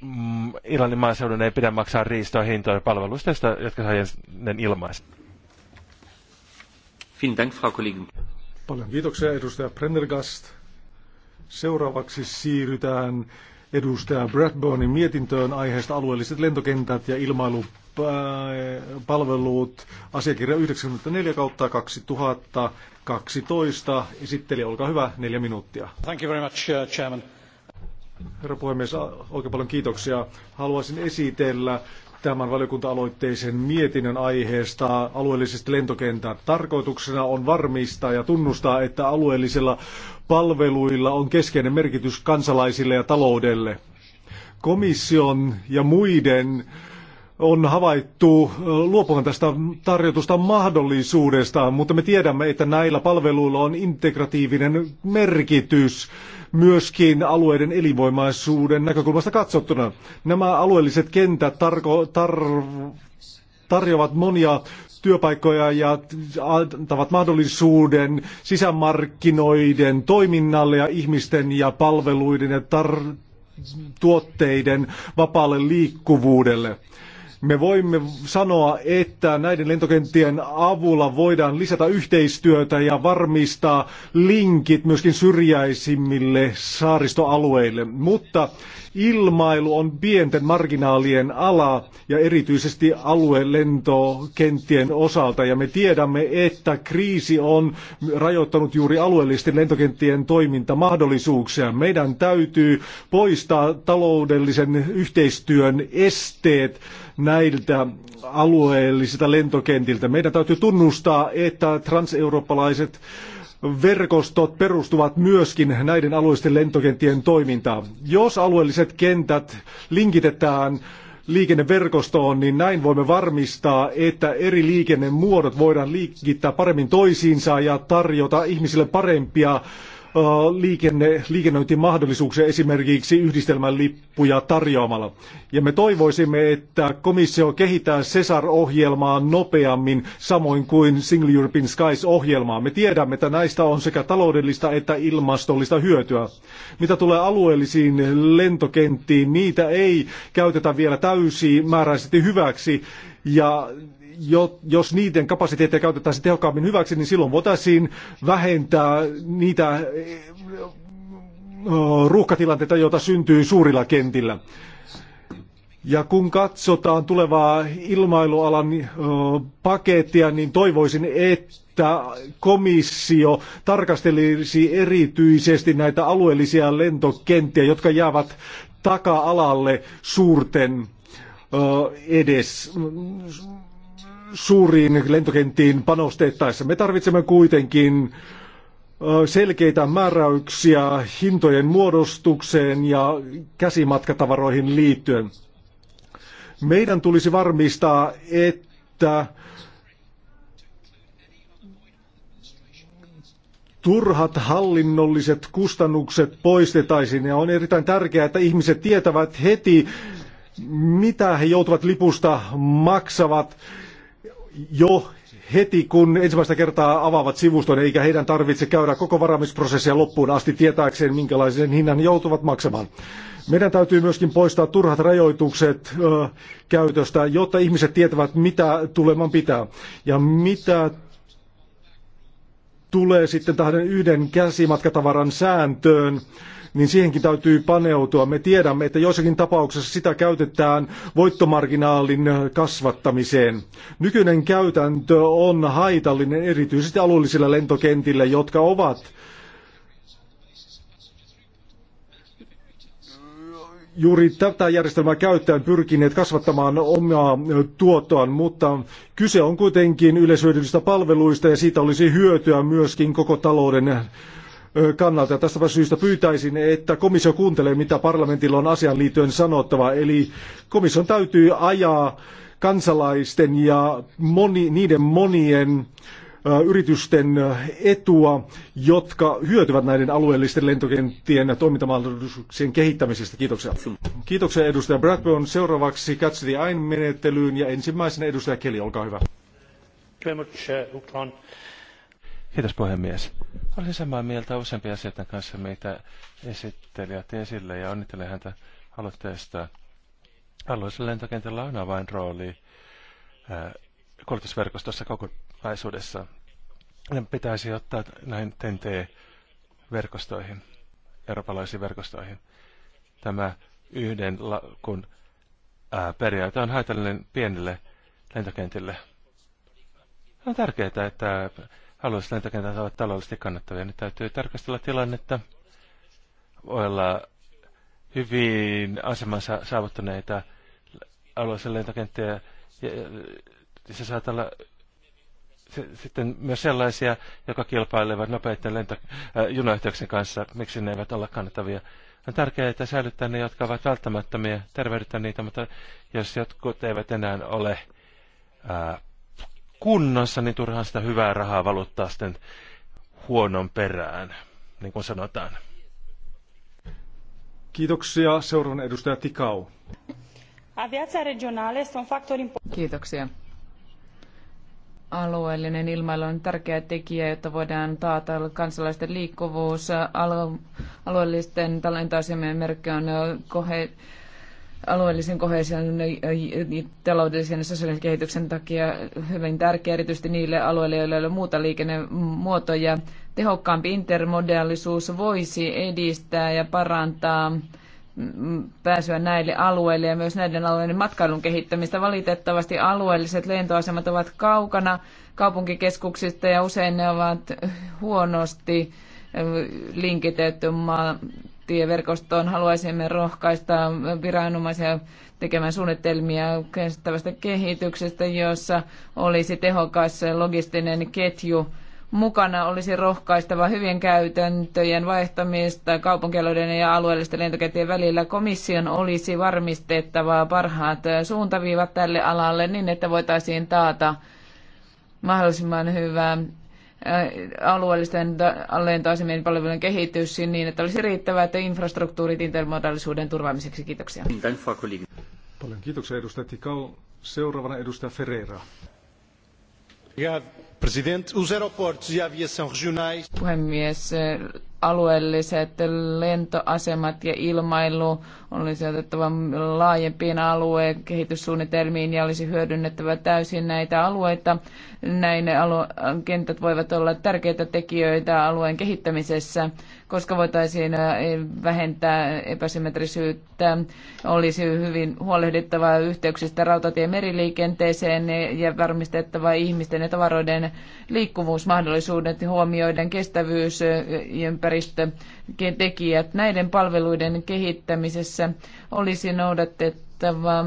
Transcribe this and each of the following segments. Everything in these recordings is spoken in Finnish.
Mm, Irlannin maaseudun ei pidä maksaa riistoa hintoja palveluista, jotka saa ne ilmaista. Paljon kiitoksia edustaja Prendergast. Seuraavaksi siirrytään edustaja Bradburnin mietintöön aiheesta alueelliset lentokentät ja ilmailupalvelut. Asiakirja 94 kautta 2012. Esittelijä, olkaa hyvä, neljä minuuttia. Thank you very much, uh, Chairman. Herra puhemies, oikein paljon kiitoksia. Haluaisin esitellä tämän valiokunta-aloitteisen mietinnön aiheesta alueellisesta lentokentän. Tarkoituksena on varmistaa ja tunnustaa, että alueellisilla palveluilla on keskeinen merkitys kansalaisille ja taloudelle. Komission ja muiden on havaittu luopuvan tästä tarjotusta mahdollisuudesta, mutta me tiedämme, että näillä palveluilla on integratiivinen merkitys myöskin alueiden elinvoimaisuuden näkökulmasta katsottuna. Nämä alueelliset kentät tarko, tar, tarjoavat monia työpaikkoja ja antavat mahdollisuuden sisämarkkinoiden toiminnalle ja ihmisten ja palveluiden ja tar- tuotteiden vapaalle liikkuvuudelle. Me voimme sanoa, että näiden lentokenttien avulla voidaan lisätä yhteistyötä ja varmistaa linkit myöskin syrjäisimmille saaristoalueille. Mutta Ilmailu on pienten marginaalien ala ja erityisesti aluelentokenttien osalta. Ja me tiedämme, että kriisi on rajoittanut juuri alueellisten lentokenttien toimintamahdollisuuksia. Meidän täytyy poistaa taloudellisen yhteistyön esteet näiltä alueellisilta lentokentiltä. Meidän täytyy tunnustaa, että transeurooppalaiset verkostot perustuvat myöskin näiden alueellisten lentokenttien toimintaan. Jos alueelliset kentät linkitetään liikenneverkostoon, niin näin voimme varmistaa, että eri liikennemuodot voidaan linkittää paremmin toisiinsa ja tarjota ihmisille parempia Äh, liikenne, liikennöintimahdollisuuksia esimerkiksi yhdistelmän lippuja tarjoamalla. Ja me toivoisimme, että komissio kehittää CESAR-ohjelmaa nopeammin, samoin kuin Single European Skies-ohjelmaa. Me tiedämme, että näistä on sekä taloudellista että ilmastollista hyötyä. Mitä tulee alueellisiin lentokenttiin, niitä ei käytetä vielä täysimääräisesti hyväksi, ja jo, jos niiden kapasiteettia käytettäisiin tehokkaammin hyväksi, niin silloin voitaisiin vähentää niitä eh, eh, ruuhkatilanteita, joita syntyy suurilla kentillä. Ja kun katsotaan tulevaa ilmailualan eh, pakettia, niin toivoisin, että komissio tarkastelisi erityisesti näitä alueellisia lentokenttiä, jotka jäävät taka-alalle suurten edes suuriin lentokenttiin panostettaessa. Me tarvitsemme kuitenkin selkeitä määräyksiä hintojen muodostukseen ja käsimatkatavaroihin liittyen. Meidän tulisi varmistaa, että turhat hallinnolliset kustannukset poistetaisiin. Ja on erittäin tärkeää, että ihmiset tietävät heti, mitä he joutuvat lipusta maksavat jo heti, kun ensimmäistä kertaa avaavat sivuston, eikä heidän tarvitse käydä koko varamisprosessia loppuun asti tietääkseen, minkälaisen hinnan joutuvat maksamaan. Meidän täytyy myöskin poistaa turhat rajoitukset ö, käytöstä, jotta ihmiset tietävät, mitä tuleman pitää. Ja mitä tulee sitten tähän yhden käsimatkatavaran sääntöön, niin siihenkin täytyy paneutua. Me tiedämme, että joissakin tapauksessa sitä käytetään voittomarginaalin kasvattamiseen. Nykyinen käytäntö on haitallinen erityisesti alueellisille lentokentillä, jotka ovat juuri tätä järjestelmää käyttäen pyrkineet kasvattamaan omaa tuottoaan, mutta kyse on kuitenkin yleishyödyllisistä palveluista ja siitä olisi hyötyä myöskin koko talouden kannalta. Tästä syystä pyytäisin, että komissio kuuntelee, mitä parlamentilla on asian liittyen sanottava. Eli komission täytyy ajaa kansalaisten ja moni, niiden monien yritysten etua, jotka hyötyvät näiden alueellisten lentokenttien toimintamahdollisuuksien kehittämisestä. Kiitoksia. Kiitoksia edustaja Bradburn. Seuraavaksi Catch the Eye menettelyyn ja ensimmäisenä edustaja kelly olkaa hyvä. Uh, Kiitos puhemies. Olen samaa mieltä useampia asioiden kanssa, mitä esittelijät esille ja onnittelen häntä aloitteesta. Alueellisella lentokentällä on avainrooli äh, koulutusverkostossa kokonaisuudessa. Ne pitäisi ottaa näihin TNT-verkostoihin, eurooppalaisiin verkostoihin. Tämä yhden kun ää, äh, periaate on haitallinen pienille lentokentille. On tärkeää, että alueelliset lentokentät ovat taloudellisesti kannattavia, niin täytyy tarkastella tilannetta. Voi olla hyvin asemansa saavuttaneita alueellisia lentokenttiä, ja, ja se saattaa olla se, sitten myös sellaisia, jotka kilpailevat nopeiden lento, äh, junayhteyksien kanssa, miksi ne eivät olla kannattavia. On tärkeää, että säilyttää ne, jotka ovat välttämättömiä, terveydyttää niitä, mutta jos jotkut eivät enää ole äh, kunnossa, niin turhaan sitä hyvää rahaa valuttaa sitten huonon perään, niin kuin sanotaan. Kiitoksia. Seuraavan edustaja Tikau. Kiitoksia. Alueellinen ilmailu on tärkeä tekijä, jotta voidaan taata kansalaisten liikkuvuus. alueellisten talentaisemien merkki on kohe- alueellisen kohesion taloudellisen ja sosiaalisen kehityksen takia hyvin tärkeä erityisesti niille alueille, joilla ei ole muuta liikennemuotoja. Tehokkaampi intermodaalisuus voisi edistää ja parantaa mm, pääsyä näille alueille ja myös näiden alueiden matkailun kehittämistä. Valitettavasti alueelliset lentoasemat ovat kaukana kaupunkikeskuksista ja usein ne ovat huonosti linkitetty verkostoon Haluaisimme rohkaista viranomaisia tekemään suunnitelmia kestävästä kehityksestä, jossa olisi tehokas logistinen ketju mukana olisi rohkaistava hyvien käytäntöjen vaihtamista kaupunkialueiden ja alueellisten lentokenttien välillä. Komission olisi varmistettava parhaat suuntaviivat tälle alalle niin, että voitaisiin taata mahdollisimman hyvä alueellisten alentaisemmien palvelujen kehitys niin, että olisi riittävät infrastruktuurit intermodaalisuuden turvaamiseksi. Kiitoksia. Paljon kiitoksia edustaja Tikau. Seuraavana edustaja Ferreira. E Puhemies, alueelliset lentoasemat ja ilmailu olisi otettava laajempiin alueen kehityssuunnitelmiin ja olisi hyödynnettävä täysin näitä alueita. Näin alu- kentät voivat olla tärkeitä tekijöitä alueen kehittämisessä, koska voitaisiin vähentää epäsymmetrisyyttä. Olisi hyvin huolehdittava yhteyksistä rautatie meriliikenteeseen ja varmistettava ihmisten ja tavaroiden liikkuvuusmahdollisuudet huomioiden kestävyys ympäristö ympäristötekijät. Näiden palveluiden kehittämisessä olisi noudatettava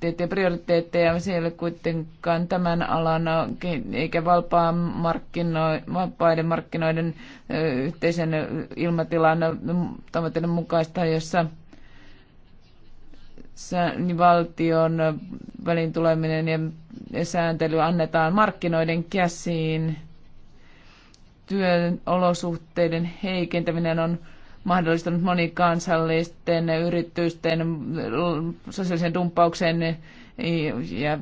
tiettyjä prioriteetteja. Siellä kuitenkaan tämän alan eikä vapaiden markkinoiden yhteisen ilmatilan tavoitteiden mukaista, jossa niin valtion välin tuleminen ja sääntely annetaan markkinoiden käsiin työolosuhteiden heikentäminen on mahdollistanut monikansallisten yritysten sosiaalisen dumppauksen ja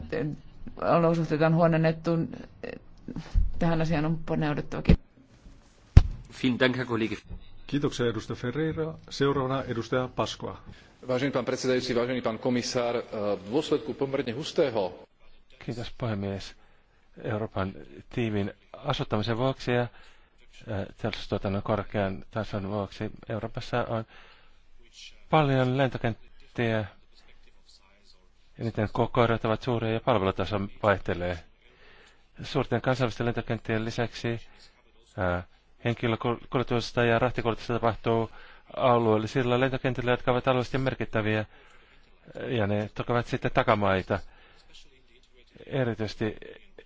olosuhteita on huononnettu. Tähän asiaan on paneuduttavakin. Kiitoksia edustaja Ferreira. Seuraavana edustaja Paskoa. Vážený pán predsedajúci, vážený pán komisár, v dôsledku pomerne hustého... Kiitos puhemies. Euroopan tiimin asuttamisen vuoksi ja Äh, teollisuustuotannon korkean tason vuoksi Euroopassa on paljon lentokenttiä, ja niiden koko ovat suuria ja palvelutaso vaihtelee. Suurten kansainvälisten lentokenttien lisäksi äh, henkilökuljetusta ja rahtikuljetusta tapahtuu alueellisilla lentokentillä, jotka ovat alueellisesti merkittäviä, äh, ja ne tukevat sitten takamaita, erityisesti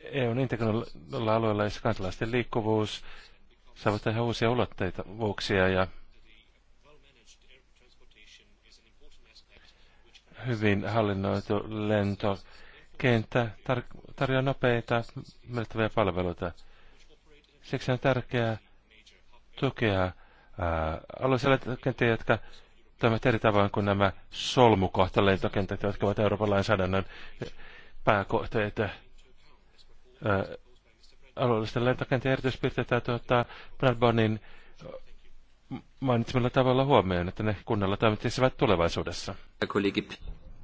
EUn integroilla alueella, jossa kansalaisten liikkuvuus saavat tehdä uusia ulotteita vuoksia ja hyvin hallinnoitu lentokenttä tar- tarjoaa nopeita merkittäviä palveluita. Siksi on tärkeää tukea alueellisia lentokenttiä, jotka toimivat eri tavoin kuin nämä solmukohta lentokentät, jotka ovat Euroopan lainsäädännön pääkohteita. Ää, alueellisten lentokenttien erityispiirteitä tuota ottaa Bradbonin mainitsemalla tavalla huomioon, että ne kunnalla toimittisivät tulevaisuudessa.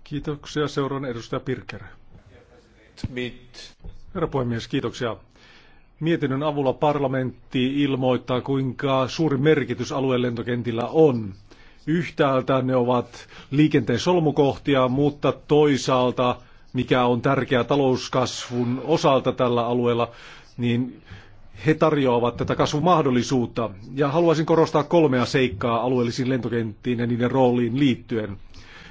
Kiitoksia. Seuraan edustaja Pirker. Herra puhemies, kiitoksia. Mietinnön avulla parlamentti ilmoittaa, kuinka suuri merkitys alueen lentokentillä on. Yhtäältä ne ovat liikenteen solmukohtia, mutta toisaalta, mikä on tärkeää talouskasvun osalta tällä alueella, niin he tarjoavat tätä kasvumahdollisuutta. Ja haluaisin korostaa kolmea seikkaa alueellisiin lentokenttiin ja niiden rooliin liittyen.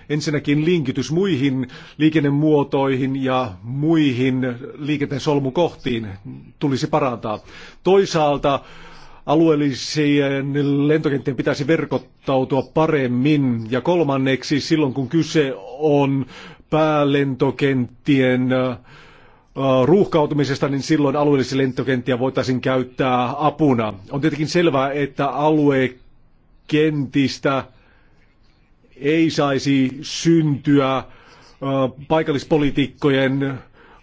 Ensinnäkin linkitys muihin liikennemuotoihin ja muihin liikenteen solmukohtiin tulisi parantaa. Toisaalta alueellisien lentokenttien pitäisi verkottautua paremmin. Ja kolmanneksi silloin kun kyse on päälentokenttien äh, Äh, ruuhkautumisesta, niin silloin alueellisia lentokenttiä voitaisiin käyttää apuna. On tietenkin selvää, että aluekentistä ei saisi syntyä äh, paikallispolitiikkojen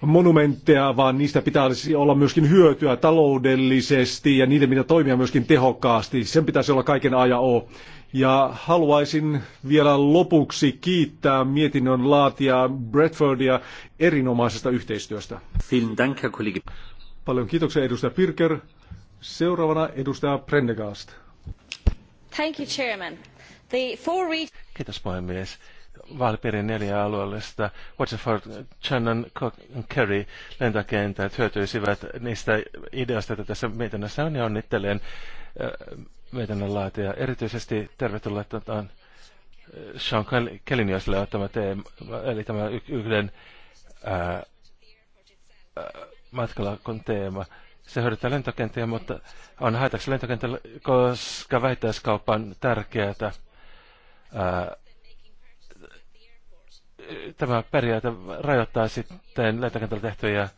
monumentteja, vaan niistä pitäisi olla myöskin hyötyä taloudellisesti ja niiden pitää toimia myöskin tehokkaasti. Sen pitäisi olla kaiken ajan O. Ja haluaisin vielä lopuksi kiittää mietinnön laatia Bradfordia erinomaisesta yhteistyöstä. Paljon kiitoksia edustaja Pirker. Seuraavana edustaja Prendegast. Thank you, Chairman. The four Kiitos puhemies. Vaalipiirin neljä alueellista Waterford, Channon, Cook Kerry lentokentät hyötyisivät niistä ideoista, joita tässä mietinnössä on, ja onnittelen äh, laite. Ja Erityisesti tervetuloa on eh, Sean Kellin esille ottama teema, eli tämä yhden ää, eh, eh, matkalakon teema. Se hyödyttää lentokenttiä, mutta on haitaksi lentokentällä, koska väittäiskauppa on tärkeää. tämä periaate rajoittaa sitten lentokentällä tehtyjä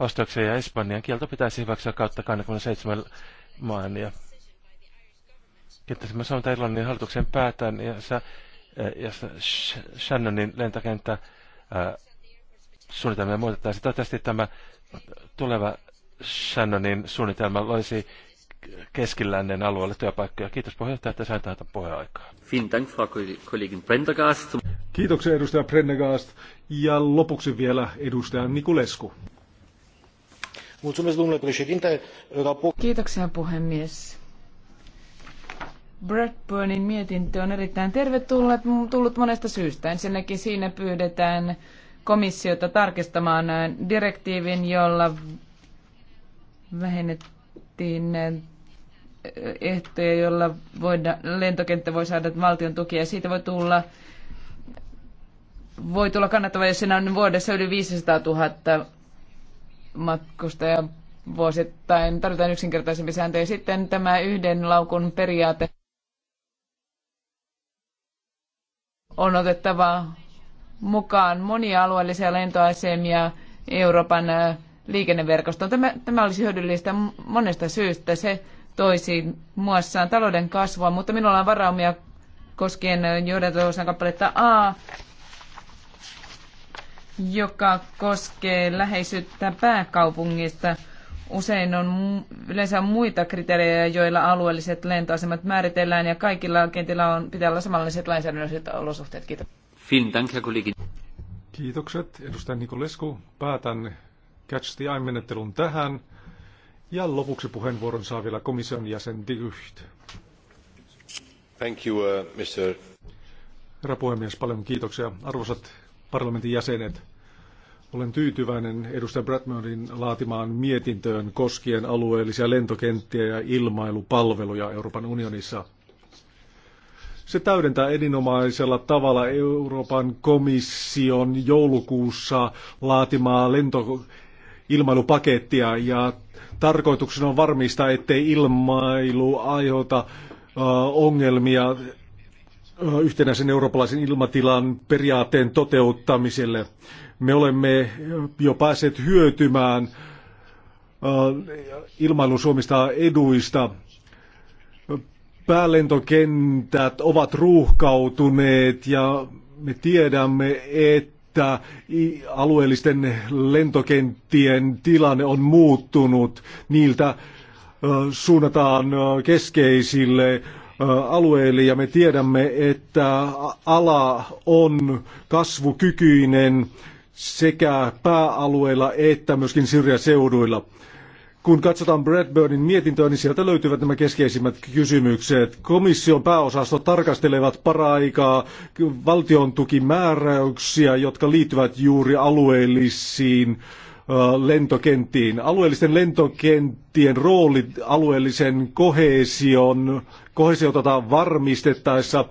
ostoksia ja Espanjan kielto pitäisi hyväksyä kautta 27 maan ja kiinnittäisimme Suomen Irlannin hallituksen päätään, ja sä Shannonin lentokenttä suunnitelmia muutettaisiin. Toivottavasti tämä tuleva Shannonin suunnitelma loisi keskilännen alueelle työpaikkoja. Kiitos puheenjohtaja, että sain tähän puheenaikaa. Kiitoksia edustaja Prendergast. Ja lopuksi vielä edustaja Nikulesku. Kiitoksia puhemies. Bradburnin mietintö on erittäin tervetullut tullut monesta syystä. Ensinnäkin siinä pyydetään komissiota tarkistamaan direktiivin, jolla vähennettiin ehtoja, jolla voida, lentokenttä voi saada valtion tukia. Siitä voi tulla, voi tulla kannattava, jos siinä on vuodessa yli 500 000 matkustajaa vuosittain. Tarvitaan yksinkertaisempi sääntö. Ja sitten tämä yhden laukun periaate on otettava mukaan monia alueellisia lentoasemia Euroopan äh, liikenneverkostoon. Tämä, tämä olisi hyödyllistä monesta syystä. Se toisi muassaan talouden kasvua, mutta minulla on varaumia koskien äh, johdantosan kappaletta A, joka koskee läheisyyttä pääkaupungista – Usein on yleensä muita kriteerejä, joilla alueelliset lentoasemat määritellään ja kaikilla kentillä on, pitää olla samanlaiset lainsäädännölliset olosuhteet. Kiitos. Kiitokset. Edustaja Nikolesku, päätän Catch the Eye-menettelyn tähän. Ja lopuksi puheenvuoron saa vielä komission jäsen De Gucht. Thank you, uh, Mr. Herra puhemies, paljon kiitoksia. Arvoisat parlamentin jäsenet, olen tyytyväinen edustaja Bradmanin laatimaan mietintöön koskien alueellisia lentokenttiä ja ilmailupalveluja Euroopan unionissa. Se täydentää erinomaisella tavalla Euroopan komission joulukuussa laatimaa lentoilmailupakettia ja tarkoituksena on varmistaa, ettei ilmailu aiheuta ongelmia yhtenäisen eurooppalaisen ilmatilan periaatteen toteuttamiselle. Me olemme jo päässeet hyötymään äh, ilmailun suomista eduista. Päälentokentät ovat ruuhkautuneet ja me tiedämme, että alueellisten lentokenttien tilanne on muuttunut. Niiltä äh, suunnataan äh, keskeisille alueille ja me tiedämme, että ala on kasvukykyinen sekä pääalueilla että myöskin syrjäseuduilla. Kun katsotaan Bradburnin mietintöä, niin sieltä löytyvät nämä keskeisimmät kysymykset. Komission pääosasto tarkastelevat paraikaa valtion tukimääräyksiä, jotka liittyvät juuri alueellisiin lentokenttiin. Alueellisten lentokenttien rooli alueellisen kohesion, kohesiota varmistettaessa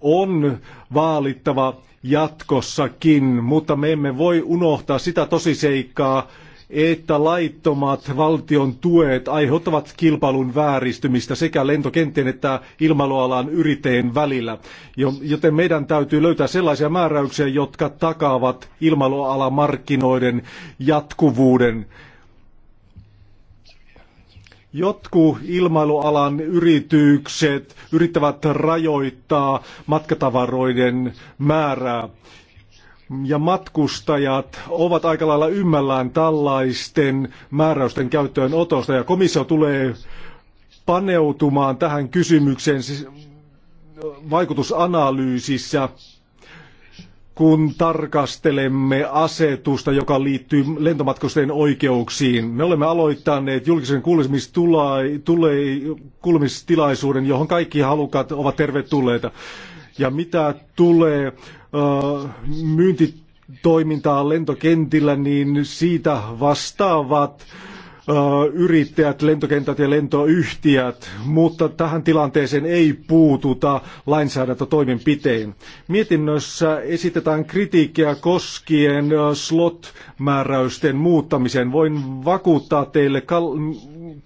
on vaalittava jatkossakin, mutta me emme voi unohtaa sitä tosiseikkaa, että laittomat valtion tuet aiheuttavat kilpailun vääristymistä sekä lentokenttien että ilmailualan yrittäjien välillä. Joten meidän täytyy löytää sellaisia määräyksiä, jotka takaavat ilmailualan markkinoiden jatkuvuuden Jotkut ilmailualan yritykset yrittävät rajoittaa matkatavaroiden määrää. Ja matkustajat ovat aika lailla ymmällään tällaisten määräysten otosta Ja komissio tulee paneutumaan tähän kysymykseen siis vaikutusanalyysissä kun tarkastelemme asetusta, joka liittyy lentomatkustajien oikeuksiin. Me olemme aloittaneet julkisen kuulemistilaisuuden, johon kaikki halukkaat ovat tervetulleita. Ja mitä tulee myyntitoimintaan lentokentillä, niin siitä vastaavat Äh, yrittäjät, lentokentät ja lentoyhtiöt, mutta tähän tilanteeseen ei puututa lainsäädäntötoimenpitein. Mietinnössä esitetään kritiikkiä koskien äh, slot-määräysten muuttamiseen. Voin vakuuttaa teille kal-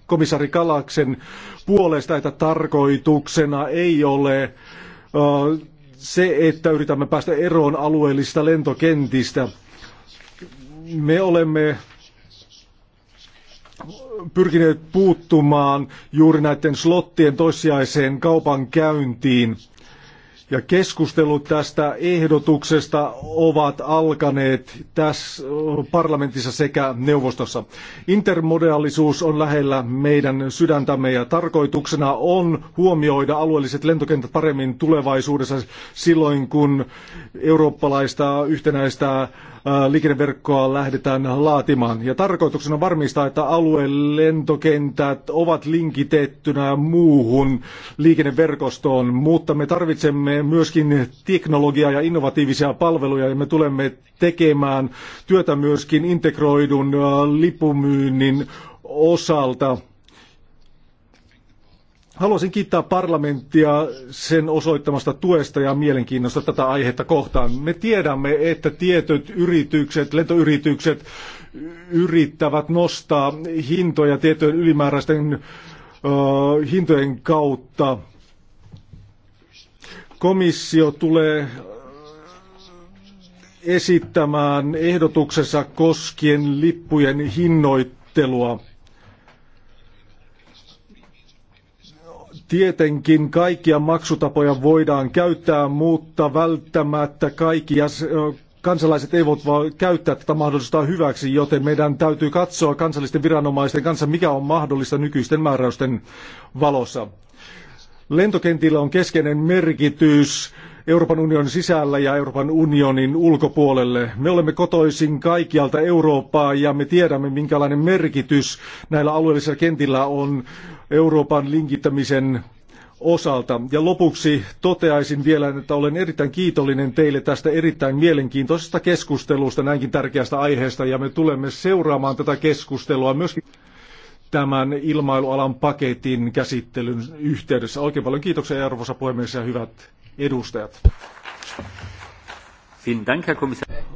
komissaari Kalaksen puolesta, että tarkoituksena ei ole äh, se, että yritämme päästä eroon alueellisista lentokentistä. Me olemme pyrkineet puuttumaan juuri näiden slottien toissijaiseen kaupankäyntiin. Ja keskustelut tästä ehdotuksesta ovat alkaneet tässä parlamentissa sekä neuvostossa. Intermodaalisuus on lähellä meidän sydäntämme ja tarkoituksena on huomioida alueelliset lentokentät paremmin tulevaisuudessa silloin, kun eurooppalaista yhtenäistä äh, liikenneverkkoa lähdetään laatimaan. Ja tarkoituksena on varmistaa, että alueen lentokentät ovat linkitettynä muuhun liikenneverkostoon, mutta me tarvitsemme myöskin teknologiaa ja innovatiivisia palveluja ja me tulemme tekemään työtä myöskin integroidun äh, lipumyynnin osalta. Haluaisin kiittää parlamenttia sen osoittamasta tuesta ja mielenkiinnosta tätä aihetta kohtaan. Me tiedämme, että tietyt yritykset, lentoyritykset yrittävät nostaa hintoja tietojen ylimääräisten ö, hintojen kautta komissio tulee esittämään ehdotuksensa koskien lippujen hinnoittelua. Tietenkin kaikkia maksutapoja voidaan käyttää, mutta välttämättä kaikki kansalaiset eivät voi käyttää tätä mahdollisuutta hyväksi, joten meidän täytyy katsoa kansallisten viranomaisten kanssa, mikä on mahdollista nykyisten määräysten valossa. Lentokentillä on keskeinen merkitys Euroopan unionin sisällä ja Euroopan unionin ulkopuolelle. Me olemme kotoisin kaikkialta Eurooppaa ja me tiedämme, minkälainen merkitys näillä alueellisilla kentillä on Euroopan linkittämisen osalta. Ja lopuksi toteaisin vielä, että olen erittäin kiitollinen teille tästä erittäin mielenkiintoisesta keskustelusta näinkin tärkeästä aiheesta ja me tulemme seuraamaan tätä keskustelua myöskin tämän ilmailualan paketin käsittelyn yhteydessä. Oikein paljon kiitoksia arvoisa puhemies ja hyvät edustajat.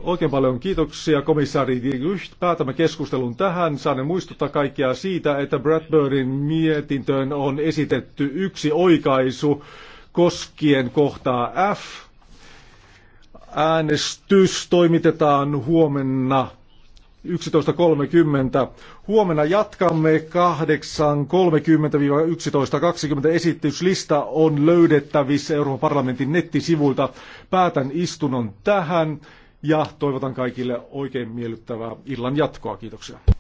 Oikein paljon kiitoksia komissaari Yht. Päätämme keskustelun tähän. Saan muistuttaa kaikkia siitä, että Bradburyn mietintöön on esitetty yksi oikaisu koskien kohtaa F. Äänestys toimitetaan huomenna 11.30. Huomenna jatkamme 8.30-11.20. Esityslista on löydettävissä Euroopan parlamentin nettisivuilta. Päätän istunnon tähän ja toivotan kaikille oikein miellyttävää illan jatkoa. Kiitoksia.